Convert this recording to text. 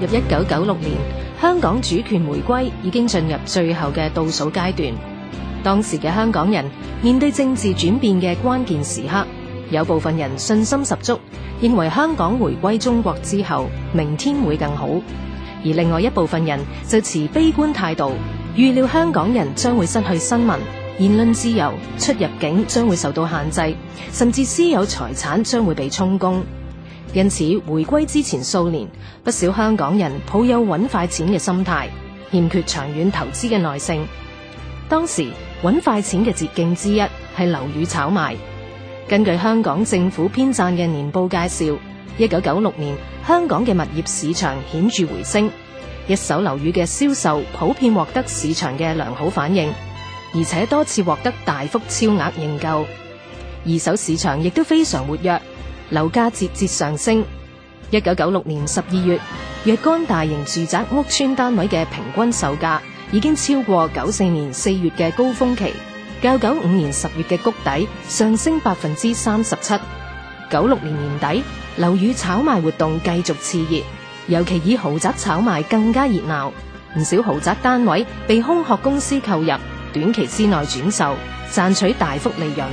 入一九九六年，香港主權回歸已經進入最後嘅倒數階段。當時嘅香港人面對政治轉變嘅關鍵時刻，有部分人信心十足，認為香港回歸中國之後，明天會更好；而另外一部分人就持悲觀態度，預料香港人將會失去新聞、言論自由、出入境將會受到限制，甚至私有財產將會被充公。因此，回歸之前數年，不少香港人抱有揾快錢嘅心態，欠缺長遠投資嘅耐性。當時揾快錢嘅捷徑之一係樓宇炒賣。根據香港政府編撰嘅年報介紹，一九九六年香港嘅物業市場顯著回升，一手樓宇嘅銷售普遍獲得市場嘅良好反應，而且多次獲得大幅超額認購。二手市場亦都非常活躍。樓價節節上升。一九九六年十二月，若干大型住宅屋邨單位嘅平均售價已經超過九四年四月嘅高峰期，較九五年十月嘅谷底上升百分之三十七。九六年年底，樓宇炒賣活動繼續熾熱，尤其以豪宅炒賣更加熱鬧。唔少豪宅單位被空殼公司購入，短期之內轉售，賺取大幅利潤。